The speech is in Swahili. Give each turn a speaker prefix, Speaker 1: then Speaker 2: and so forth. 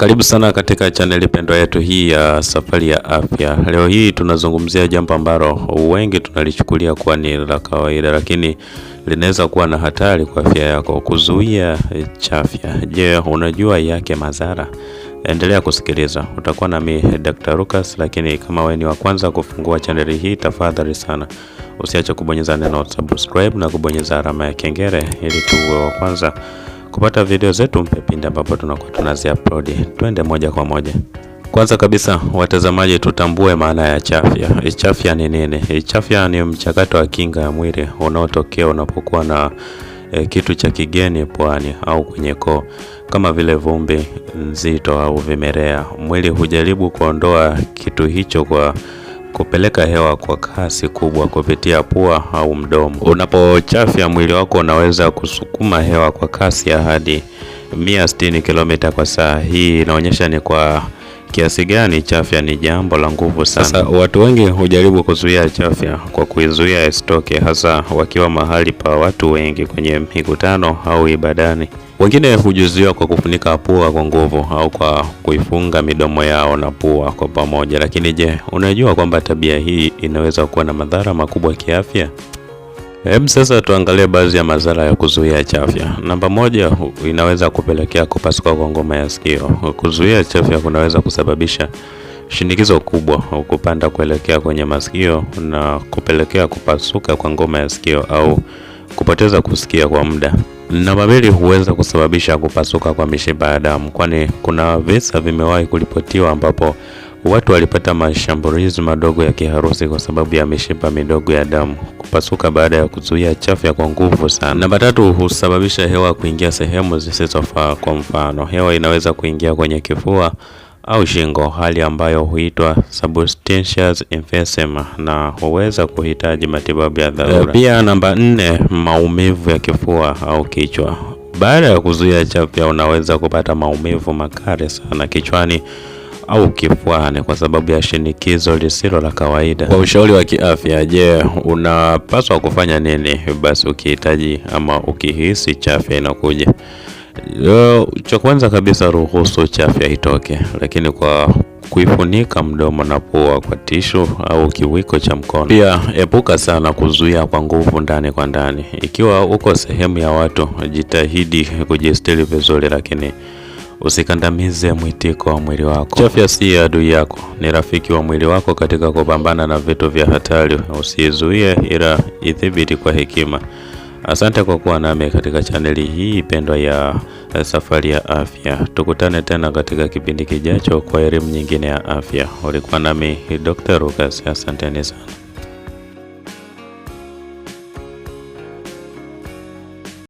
Speaker 1: Karibu sana katika chaneli pendwa yetu hii ya Safari ya Afya. Leo hii tunazungumzia jambo ambalo wengi tunalichukulia kuwa ni la kawaida, lakini linaweza kuwa na hatari kwa afya yako, kuzuia chafya. Je, unajua yake madhara? Endelea kusikiliza, utakuwa nami Dr. Lucas. Lakini kama wewe ni wa kwanza kufungua chaneli hii, tafadhali sana usiache kubonyeza neno subscribe na kubonyeza alama ya kengele ili tuwe wa kwanza kupata video zetu mpya pindi ambapo tunakuwa tunazi upload. Twende moja kwa moja. Kwanza kabisa watazamaji, tutambue maana ya chafya. Ichafya ni nini? Chafya ni mchakato wa kinga ya mwili unaotokea unapokuwa na e, kitu cha kigeni pwani au kwenye koo kama vile vumbi nzito au vimelea. Mwili hujaribu kuondoa kitu hicho kwa kupeleka hewa kwa kasi kubwa kupitia pua au mdomo. Unapochafya, mwili wako unaweza kusukuma hewa kwa kasi ya hadi 160 km kwa saa. Hii inaonyesha ni kwa Kiasi gani chafya ni jambo la nguvu sana. Sasa
Speaker 2: watu wengi hujaribu kuzuia chafya kwa kuizuia isitoke, hasa wakiwa mahali pa watu wengi, kwenye mikutano au ibadani. Wengine hujizuia kwa kufunika pua kwa nguvu au kwa kuifunga midomo yao na pua kwa pamoja. Lakini je, unajua kwamba tabia hii inaweza kuwa na madhara makubwa kiafya? Hebu sasa tuangalie baadhi ya madhara ya kuzuia chafya. Namba moja, inaweza kupelekea kupasuka kwa ngoma ya sikio. Kuzuia chafya kunaweza kusababisha shinikizo kubwa, kupanda kuelekea kwenye masikio na kupelekea kupasuka kwa ngoma ya sikio au kupoteza kusikia kwa muda. Namba mbili, huweza kusababisha kupasuka kwa mishipa ya damu, kwani kuna visa vimewahi kuripotiwa ambapo Watu walipata mashambulizi madogo ya kiharusi kwa sababu ya mishipa midogo ya damu kupasuka baada ya kuzuia chafya kwa nguvu sana. Namba tatu, husababisha hewa kuingia sehemu zisizofaa. Kwa mfano, hewa inaweza kuingia kwenye kifua au shingo, hali ambayo huitwa substantial emphysema na huweza kuhitaji matibabu ya dharura.
Speaker 1: Eh, pia namba nne, maumivu ya kifua au kichwa. Baada ya kuzuia chafya, unaweza kupata maumivu makali sana kichwani au kifuani kwa sababu ya shinikizo lisilo la kawaida. Kwa ushauri wa kiafya, je, unapaswa kufanya nini basi ukihitaji ama ukihisi chafya inakuja? Cha kwanza kabisa, ruhusu chafya itoke, lakini kwa kuifunika mdomo na pua kwa tishu au kiwiko cha mkono. Pia epuka sana kuzuia kwa nguvu ndani kwa ndani. Ikiwa uko sehemu ya watu, jitahidi kujistiri vizuri, lakini Usikandamize mwitiko wa mwili wako. Chafya si adui yako, ni rafiki wa mwili wako katika kupambana na vitu vya hatari. usizuie ila idhibiti kwa hekima. Asante kwa kuwa nami katika chaneli hii pendwa ya eh, Safari ya Afya. Tukutane tena katika kipindi kijacho kwa elimu nyingine ya afya. Ulikuwa nami Dr. Lucas, asanteni sana.